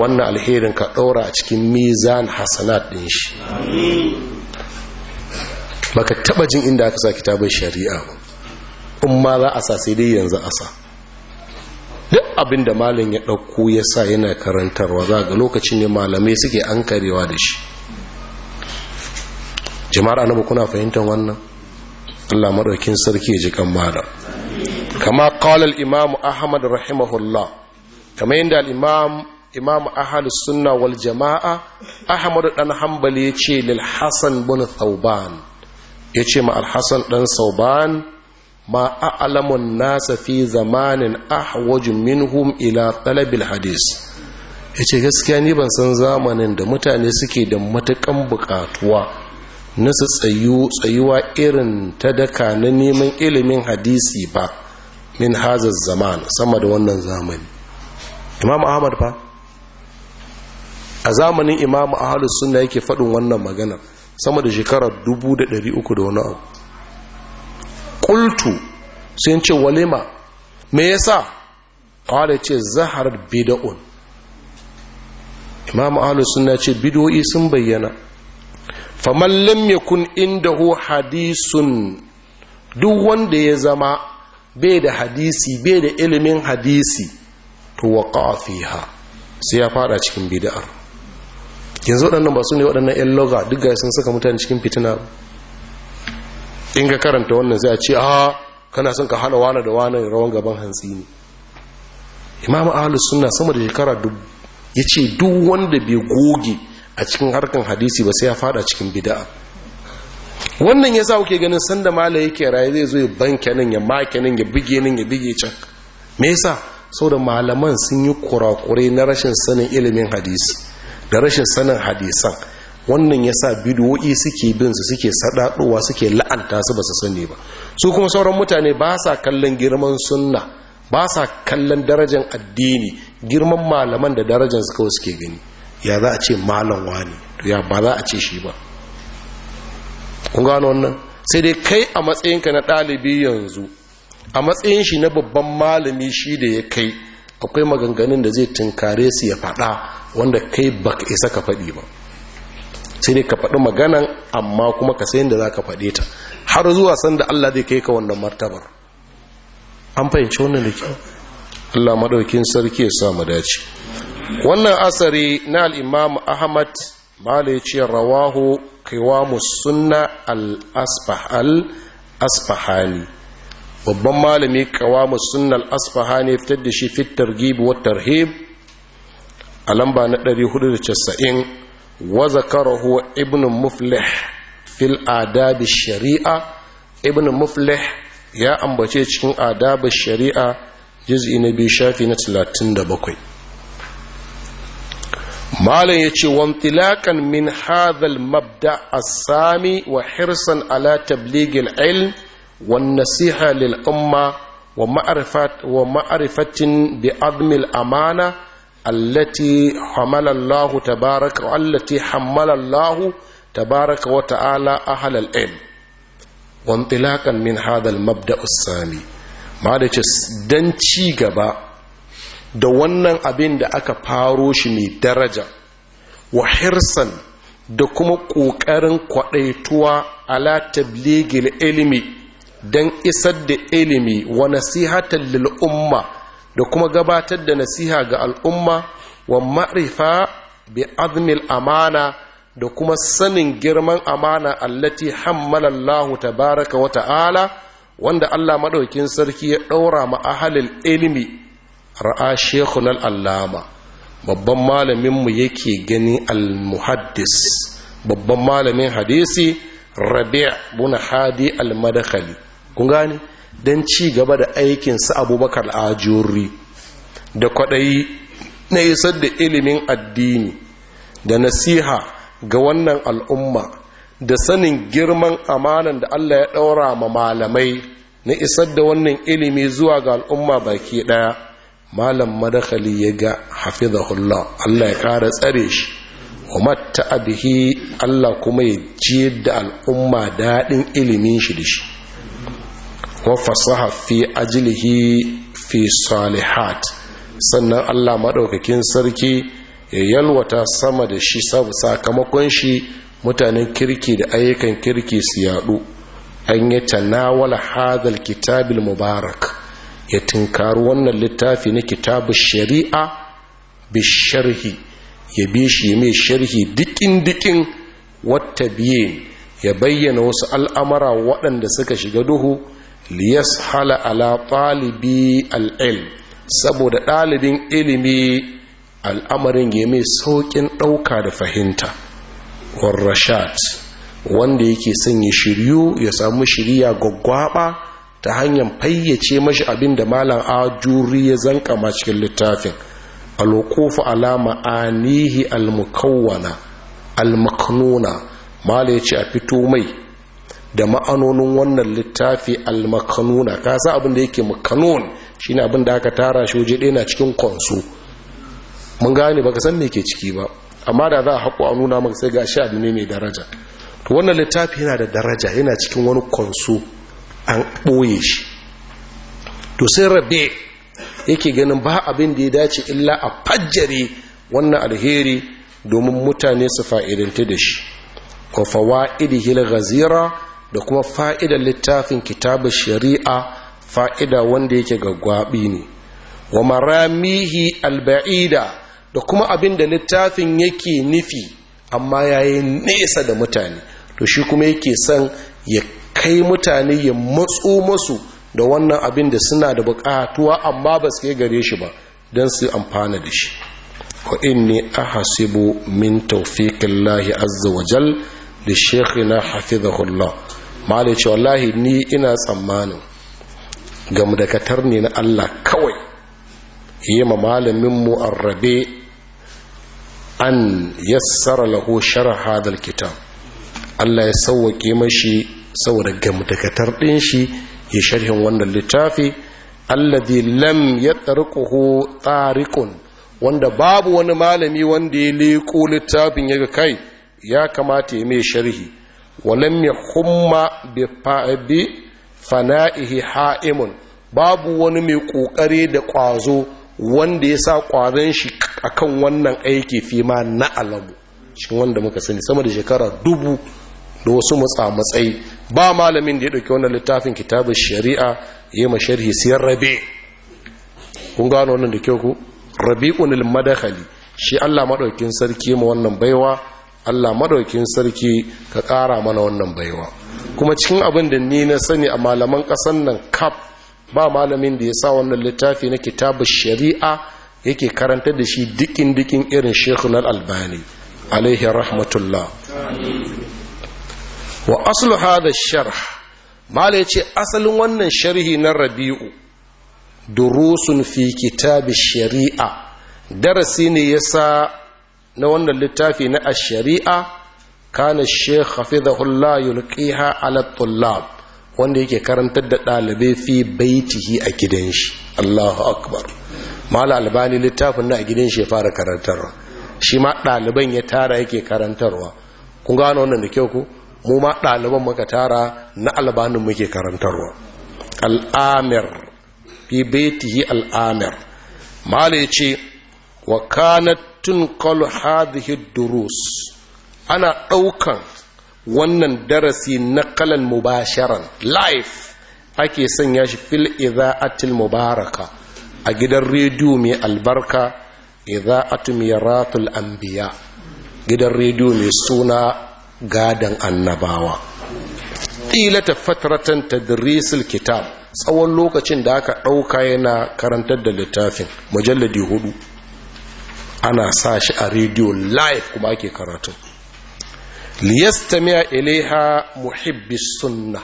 wannan alherin ka ɗaura a cikin mizan hasanat ɗin shi baka taɓa jin inda aka sa kitabar shari'a ba umma za a sa sai dai yanzu a sa duk abin da malam ya ɗauko ya sa yana karantarwa za ga lokacin ne malamai suke an karewa da shi jama'ar annabu kuna fahimtar wannan Allah maɗaukin sarki ya ji kan malam kama kawalar imamu imam ahmad rahimahullah kama yin da imam imam ahlus sunna wal jama'a ahmad hambali ya yace lil hasan bin thauban yace ma al-hasan ɗan sauban ma a'lamun nasa fi zamanin ahwaju minhum ila talabil hadis yace gaskiya ni ban san zamanin da mutane suke da matakan bukatuwa na tsayuwa irin ta daka na neman ilimin hadisi ba min hazar zaman sama da wannan zamani imam ahmad fa a zamanin imam ahalus sunna yake faɗin wannan magana sama da shekarar dubu da ɗari uku da wani abu qultu sai ce walima me yasa qala ce zahar bid'un imamu ahlus sunna ce bid'o'i sun bayyana faman lam yakun indahu hadisun duk wanda ya zama bai da hadisi bai da ilimin hadisi to waqa fiha sai ya fada cikin bid'ar yanzu waɗannan ba su ne waɗannan 'yan loga duk ga sun saka mutane cikin fitina ba in ka karanta wannan sai a ce a kana son ka hana wani da wani rawan gaban hantsi ne imam ahalus suna sama da shekara dubu ya ce duk wanda bai goge a cikin harkan hadisi ba sai ya fada cikin bida'a wannan ya sa kuke ganin sanda mala yake raye zai zo ya banke nan ya make nan ya bige nan ya buge can me yasa da malaman sun yi kurakurai na rashin sanin ilimin hadisi da rashin sanin hadisan wannan ya sa bidoyi suke bin suke saɗaɗowa suke la'anta su ba su sani ba su kuma sauran mutane ba sa kallon girman sunna ba sa kallon darajan addini girman malaman da darajar su kawai suke gani ya za a ce malam wani ya ba za a ce shi ba kun gano wannan sai dai kai a matsayinka na ɗalibi yanzu a matsayin shi na babban malami shi da ya kai akwai maganganun da zai tunkare su ya faɗa wanda kai baka isa ka faɗi ba sai dai ka faɗi maganan amma kuma ka sayin da za ka faɗe ta har zuwa sanda Allah zai kai ka wannan martabar an fahimci wannan da ke. Allah maɗaukin sarki ya sa mu dace wannan asari na al Ahmad malici rawahu qiwamu sunna al-asbahal babban malami qiwamu sunna al Asfahani, fitar da shi fittar gibi wa tarhib a lamba na 490 wa zakarahu ibn muflih fil adabi shari'a ibn muflih ya ambaci cikin adabi shari'a juz'i na biyu shafi na talatin da 37 malam ya yace wantilakan min hadhal mabda as-sami wa hirsan ala tabligh al-ilm wan nasiha lil umma wa ma'rifat wa ma'rifatin bi admil amana allati hamalallahu allati hamalallahu tabaraka wa ahlal ilm wa min hadha al mabda as-sami dan ci gaba da wannan abin da aka faro shi mai daraja wa hirsan da kuma ƙoƙarin kwaɗaituwa ala tabligil ilimi dan isar da ilimi wa nasihatan lil umma da kuma gabatar da nasiha ga al'umma wa ma'rifa bi azmil amana da kuma sanin girman amana allati hammalallahu tabaraka wa ta'ala wanda Allah maɗaukin sarki ya ɗaura ma ilimi ra'a shekunan allama babban malaminmu yake gani al-muhaddis babban malamin hadisi rabi' buna hadi al-madakali kun gani don ci gaba da aikinsa abubakar ajiyarri da kwaɗayi na isar da ilimin addini da nasiha ga wannan al'umma da sanin girman amanan da Allah ya ɗaura ma malamai na isar da wannan ilimi zuwa ga al'umma baki ɗaya malam madakali ya ga hafizahullah Allah ya ƙara tsare shi wa matta abihi Allah kuma ya ji da al'umma daɗin ilimin shi da shi wa fasaha fi ajilihi fi salihat sannan Allah maɗaukakin sarki ya yalwata sama da shi sakamakon shi mutanen kirki da ayyukan kirki su yaɗu an yi tanawala hadal kitabil mubarak ya tunkari wannan littafi na kitabu shari'a bisharhi ya bi shi ya mai sharhi dikin-dikin wata biye ya bayyana wasu al'amara waɗanda suka shiga duhu liyashala ala talibi al'ilm saboda ɗalibin ilimi al'amarin ya mai sauƙin ɗauka da fahimta warrashat wanda yake son ya shiryu ya samu shirya gwaggwaba ta hanyar fayyace mashi abin da malam ajuri ya zanka ma cikin littafin alwakofu alama anihi almukawana almaknuna mala ya ce a fito mai da ma'anonin wannan littafi al-makanuna ka sa abin da yake makanun shine abin da aka tara shi waje ɗaya na cikin kwanso mun gane baka san me ke ciki ba amma da za a haƙo a nuna maka sai ga shi abu ne mai daraja to wannan littafi yana da daraja yana cikin wani kwanso an ɓoye shi to sai rabe yake ganin ba abin da ya dace illa a fajjare wannan alheri domin mutane su fa'idanta da shi ko fawa'idihil ghazira da kuma fa'idar littafin kitabin shari'a fa'ida wanda yake gaggwaɓi ne wa maramihi alba'ida da kuma abin da littafin yake nufi amma yayi nesa da mutane to shi kuma yake son ya kai mutane ya matsu masu da wannan abin da suna da buƙatuwa amma ba su gare shi ba don su amfana da shi wa inni ahasibu min tawfiqillahi azza wa jal li shaykhina hafizahullah malai ce wallahi ni ina tsammanin gamdakatar ne na Allah kawai yi ma malaminmu arrabe an yassara laho shara hadal kitab Allah ya sauwaƙe mashi saboda gamdakatar ɗin shi ya sharhin wannan littafi alladhi lam yatarquhu tariqun wanda babu wani malami wanda ya leko littafin yaga kai ya kamata ya mai sharhi ولم ya humma فنائه حائم ha'imun babu wani mai ƙoƙari da ƙwazo wanda ya sa ƙwazon shi akan wannan aiki fi ma na alamu shi wanda muka sani sama da shekara dubu da wasu matsa matsayi ba malamin da ya ɗauki wannan littafin kitabar shari'a ya ma sharhi siyar rabe kun gano wannan da kyau ku rabi'un al-madakhali shi Allah maɗaukin sarki ma wannan baiwa Allah madaukin sarki ka ƙara mana wannan baiwa kuma cikin abin da ni na sani a malaman ƙasan nan kaf ba malamin da ya sa wannan littafi na kitabu shari'a yake karantar da shi dikin dikin irin na albani alaihi rahmatullah wa aslu hada sharh mala ce asalin wannan sharhi na rabi'u durusun fi kitabu shari'a darasi ne ya sa. na wannan littafi na a sharia kana shaykh hafizahullah yulqiha ala tullab wanda yake karantar da ɗalibai fi baitihi a gidan shi Allahu akbar mala albani littafin na a gidan shi ya fara karantarwa shi ma ɗaliban ya tara yake karantarwa kun gano wannan da kyau ku mu ma ɗaliban muka tara na albanin muke karantarwa amir fi baitihi al'amir mala yace ce wa kanat tunqalu hadhihi durus ana ɗaukan wannan darasi naqalan mubasharan live ake sanya shi fil idha'atil mubaraka a gidan rediyo mai albarka idha'atu miratul anbiya gidan rediyo mai suna gadan annabawa ilata fatratan tadrisul kitab tsawon lokacin da aka ɗauka yana karantar da littafin mujalladi hudu ana sa shi a rediyo live kuma ake karatu liyastamiya ilaiha muhibbi sunna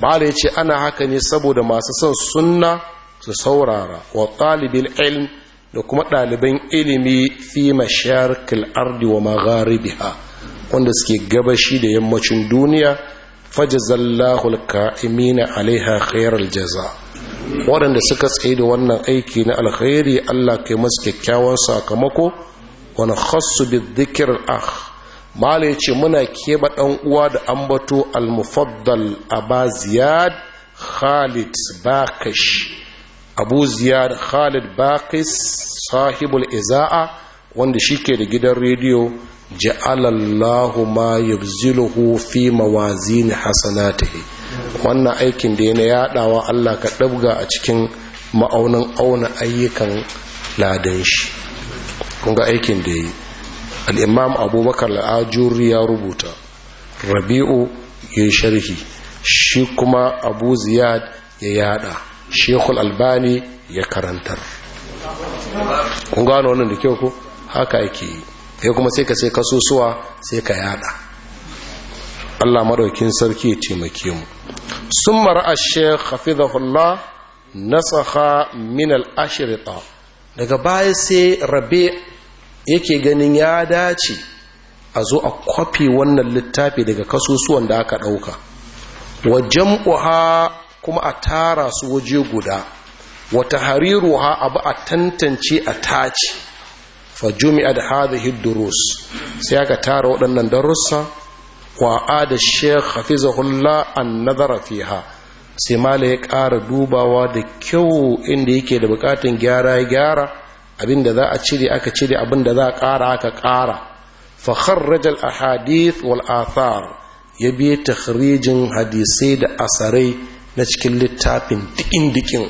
mala yace ana haka ne saboda masu son sunna su saurara wa talibin ilm da kuma ɗaliban ilimi fi masharikil ardi wa magharibiha wanda suke gabashi da yammacin duniya fajazallahu alka'imina alaiha khairar jaza' waɗanda suka tsaye da wannan aiki na alkhairi Allah kai masu kyakkyawan sakamako wani khassu bi dhikr ah mala yace muna keɓa ɗan uwa da ambato al-mufaddal aba ziyad khalid bakish abu ziyad khalid bakis sahibul iza'a wanda shike da gidan rediyo ja'alallahu ma yubziluhu fi mawazin hasanatihi wannan aikin da ya na yadawa Allah ka dabga a cikin ma'aunin auna ayyukan ladan shi kun ga aikin da yi al abubakar al ya rubuta rabi'u ya sharhi shi kuma abu ziyad ya yada shekul albani ya karantar kun gano wannan da kyau ko haka yake yi ya kuma sai ka sai kasusuwa sai ka yada Allah maɗaukin sarki ya taimake mu sun الشيخ حفظه الله نسخا من الاشرطه daga baya sai rabe yake ganin ya dace a zo a kwafi wannan littafi daga kasusuwan da aka ɗauka wajen jam'uha kuma a tara su waje guda wata hariruha abu a tantance a tace Fa jumi'a da hadhihi durus sai aka tara waɗannan darussa wa da sheikh hafizahullah an nazara fiha sai mala ya ƙara dubawa da kyau inda yake da bukatun gyara ya gyara abinda za a cire aka cire abinda za a ƙara aka ƙara fa kharraja al ahadith wal athar ya biya takhrijin hadisai da asarai na cikin littafin dikin dikin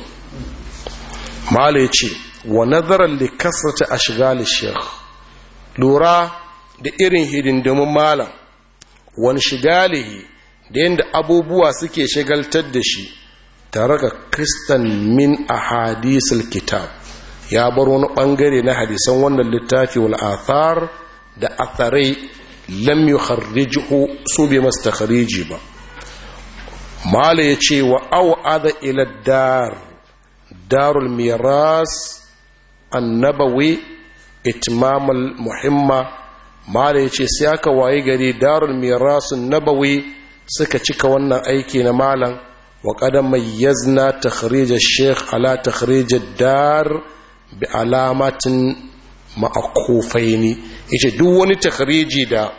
mala ya ce wa nazaran li kasrata ashghal sheikh lura da irin hidindimin malam wani shigalihi da yadda abubuwa suke shigaltar da shi tare ga kristan min a hadisul kitab ya bar wani bangare na hadisan wannan littafi wal athar da atharai lam yukharrijuhu su bai masa ba mala ya ce wa aw ada ila dar darul miras annabawi itmamul muhimma mala ya ce sai aka waye gari darul mirasun nabawi suka cika wannan aiki na malam wa qadam mayyazna takhrijat sheikh ala takhrijat dar bi alamatin ne. Ya ce duk wani takhriji da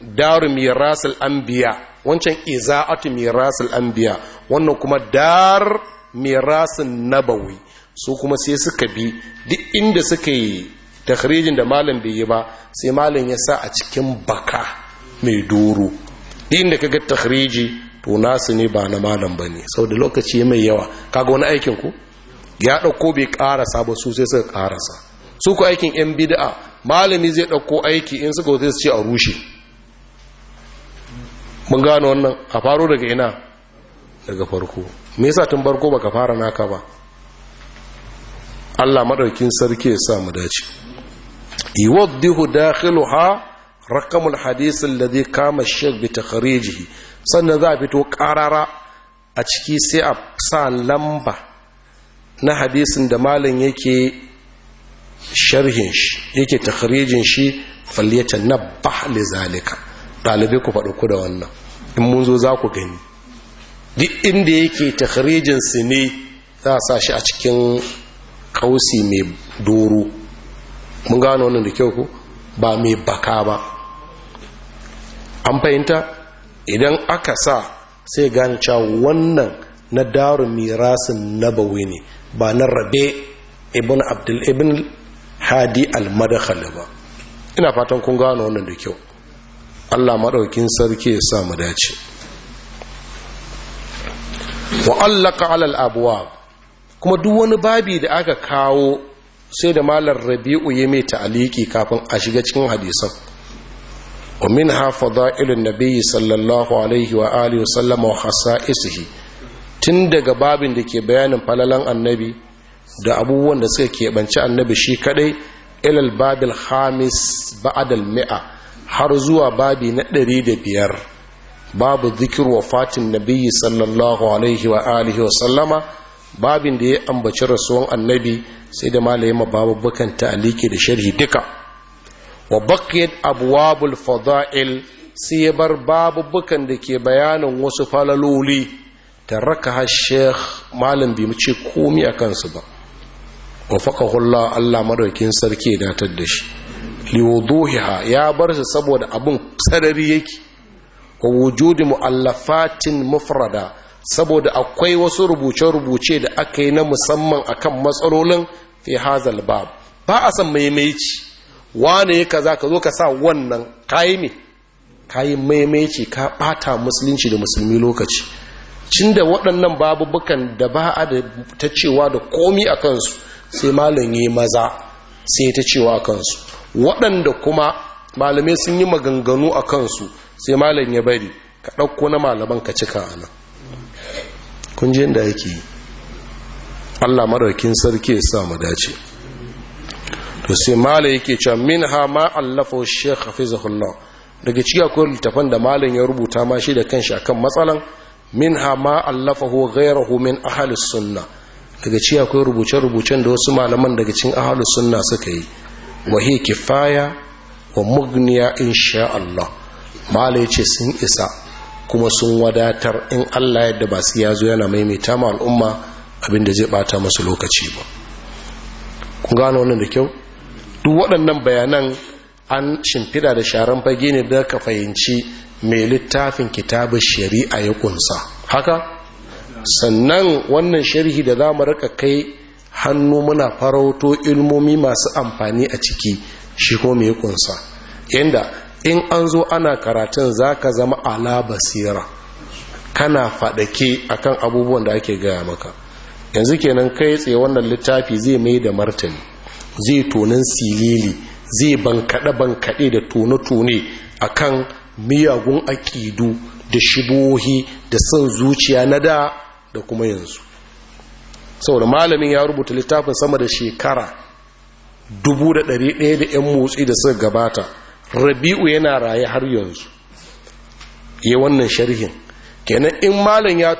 daru mirasul anbiya wancan iza'atu mirasul anbiya wannan kuma dar mirasun nabawi su kuma sai suka bi duk inda suka yi takhrijin da malam bai yi ba sai malam ya sa a cikin baka mai doro din da kaga takhriji to nasu ne ba na malam bane saboda lokaci mai yawa kaga wani aikin ku ya dauko bai karasa ba su sai suka karasa su ku aikin yan bid'a malami zai dauko aiki in suka zai ce a rushe mun gano wannan a faro daga ina daga farko me yasa tun barko baka fara naka ba Allah madaukin sarki ya sa mu dace yuwaddihu dakhiluha rakamul da zai kama shaykh bi takhrijihi sannan za a fito ƙarara a ciki sai a sa lamba na hadisin da malin yake sharhin shi yake takhrijin shi falyata nabbah li zalika dalibai ku faɗi ku da wannan in mun zo za ku gani duk inda yake takhrijin su ne za a sa shi a cikin kausi mai doro mun gano wannan da kyau ku ba mai baka ba an fahimta idan aka sa sai gane cewa wannan na darun mirasin nabawi ne ba na rabe ibn abdul ibn hadi al-madakhal ba ina fatan kun gano wannan da kyau Allah maɗaukin sarki ya sa mu dace wa allaka alal abwab kuma duk wani babi da aka kawo sai da malar rabi'u ya mai ta'aliki kafin a shiga cikin hadisan wa min hafa za'ilun nabiyyi sallallahu alaihi wa alihi wa sallama daga babin da ke bayanin falalan annabi da abubuwan da suka keɓanci annabi shi kadai ilal babil hamis ba'adal mi'a har zuwa babi na ɗari da biyar babu zikir wafatin fatin nabiyyi sallallahu alaihi wa alihi wa sallama babin da ya ambaci rasuwan annabi sai da malaye mababukan ta'aliki da sharhi duka wa baqiyat abwabul fada'il sai ya bar babu babukan da ke bayanin wasu falaloli ha sheikh malam bi mu ce komi a kansu ba wa faqahu Allah madaukin sarki ya datar da shi wuduhiha ya bar su saboda abun sarari yake wa wujudi mu'allafatin mufrada saboda akwai wasu rubuce-rubuce da aka yi na musamman akan matsalolin fi hazal bab ba a san maimaici wane ya kaza ka zo ka sa wannan kayi ne kayi maimaici ka bata musulunci da musulmi lokaci cin da waɗannan babubukan da ba a da ta cewa da komi a kansu sai malam yi maza sai ta cewa a kansu waɗanda kuma malamai sun yi maganganu a kansu sai malam ya bari ka ɗauko na malaman ka cika a nan kun ji yake Allah maraukin sarki ya sa mu dace to sai mala yake cewa minha ma allafa shaykh hafizahullah daga cikin akwai littafan da malam ya rubuta ma shi da kanshi akan matsalan minha ma allafahu ghayruhu min ahli suna, daga cikin akwai rubuce-rubucen da wasu malaman daga cikin ahli sunna suka yi wa hi kifaya wa mugniya insha Allah mala yace sun isa kuma sun wadatar in allah yadda ba su ya zo yana maimaita ma al'umma abinda zai bata masu lokaci ba kun gano wannan da kyau duk waɗannan bayanan an shimfida da sharan fage ne da ka fahimci mai littafin kitabu shari'a ya kunsa haka sannan wannan sharhi da za mu rika kai hannu muna farauto ilmomi masu amfani a ciki shi ko mai kunsa yanda in an zo ana karatun za ka zama ala basira kana faɗake akan abubuwan da ake gaya maka yanzu kenan kai tsaye wannan littafi zai mai da martani zai tonin silili zai bankaɗe-bankaɗe da tone-tone kan miyagun aƙidu da shibohi da son zuciya na da da kuma yanzu saboda malamin ya rubuta littafin sama da shekara 1100 da 'yan motsi da suka gabata rabi'u yana raye har yanzu ya wannan sharhin kenan in malam ya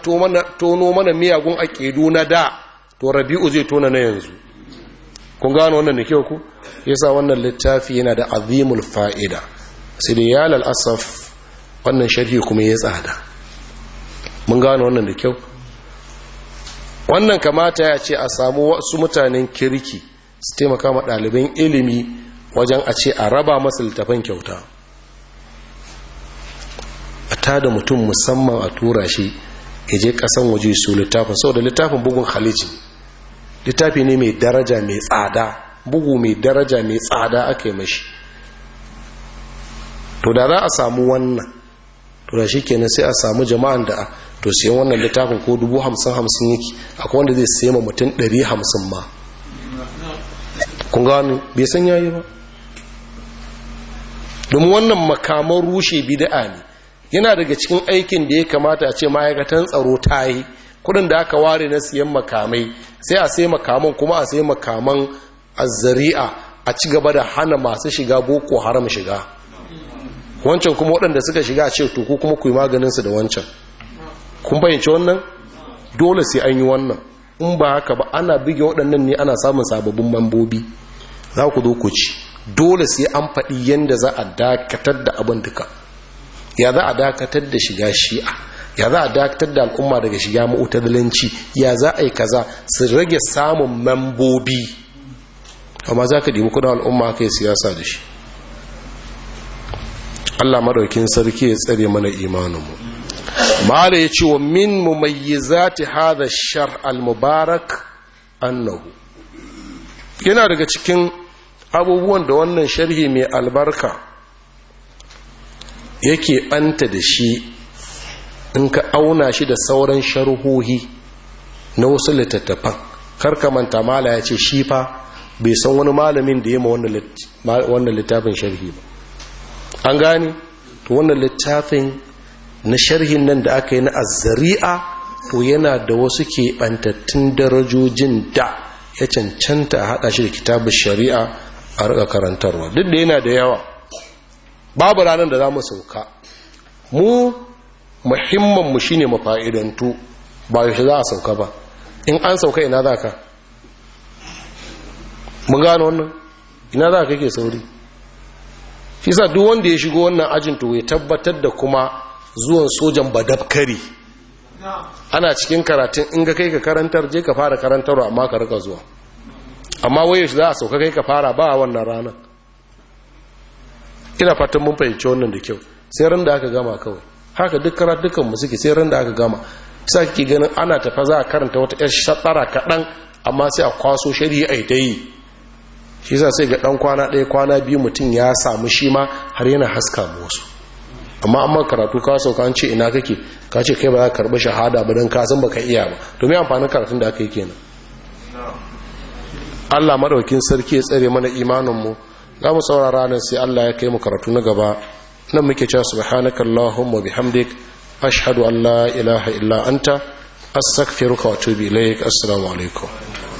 tono mana miyagun aƙidu na da to rabi'u zai tona na yanzu kun gano wannan da kyau ku yasa wannan littafi yana da azimul fa'ida sai da ya asaf wannan sharhi kuma ya tsada mun gano wannan da kyau wannan kamata ya ce a samu wasu mutanen kirki su taimaka ma ɗaliban ilimi wajen a ce a raba masu littafin kyauta a da mutum musamman a tura shi ya je kasan waje su littafin saboda littafin bugun halici littafi ne mai daraja mai tsada bugu mai daraja mai tsada aka yi mashi to da za a samu wannan to da shi kenan sai a samu jama'an da to siyan wannan littafin ko dubu hamsin hamsin yake akwai wanda zai siya ma mutum ɗari hamsin ma kun gano bai san yayi ba domin wannan makaman rushe bid'a ne yana daga cikin aikin da ya kamata a ce ma'aikatan tsaro ta yi kudin da aka ware na siyan makamai sai a sai makaman kuma a sai makaman azzari'a a ci gaba da hana masu shiga boko haram shiga wancan kuma waɗanda suka shiga a ce to ko kuma ku yi maganinsu da wancan kun bayyance wannan dole sai an yi wannan in ba haka ba ana bige waɗannan ne ana samun sababbin mambobi za ku zo ku ci dole sai an faɗi yadda za a dakatar da abin duka ya za a dakatar da shiga shi'a ya za a dakatar da al'umma daga shiga ma'utazilanci ya za a yi kaza su rage samun membobi amma za ka dimi kudin al'umma ka yi siyasa da shi allah maraukin sarki ya tsare mana imaninmu mara ya ce wa min mumayyizati hadha shar al-mubarak annahu yana daga cikin abubuwan da wannan sharhi mai albarka yake ɓanta da shi in ka auna shi da sauran sharhohi na wasu littattafan karka manta mala ya ce shi fa bai san wani malamin da ya ma wannan littafin sharhi ba an gane to wannan littafin na sharhin nan da aka yi na azzari'a to yana da wasu keɓantattun darajojin da ya cancanta a haɗa shi da kitabun shari'a a riƙa karantarwa duk da yana da yawa babu ranar da za mu sauka mu muhimman mu shine mafa'idantu ba yaushe za a sauka ba in an sauka ina za ka Mu gano wannan ina za ka ke sauri shi sa duk wanda ya shigo wannan ajin to ya tabbatar da kuma zuwan sojan badabkari ana cikin karatun in ga kai ka karantar je ka fara karantarwa amma ka rika zuwa amma waye shi za a sauka kai ka fara ba a wannan ranar ina fatan mun fahimci wannan da kyau sai ran da aka gama kawai haka duk karat dukan mu suke sai ran da aka gama sa kike ganin ana tafa za a karanta wata yar shatsara kaɗan amma sai a kwaso shari'a ta yi shi sa sai ga ɗan kwana ɗaya kwana biyu mutum ya samu shi ma har yana haska mu wasu amma amma karatu ka sauka an ce ina kake ka ce kai ba za ka karɓi shahada ba don ka san baka iya ba to me amfanin karatun da aka yi kenan Allah madaukin sarki ya tsare mana imaninmu za mu saurara nan sai Allah ya kai mu karatu na gaba nan muke cewa subhanaka allahumma bihamdik ashhadu an la ilaha illa anta astaghfiruka wa atubu ilaik assalamu alaikum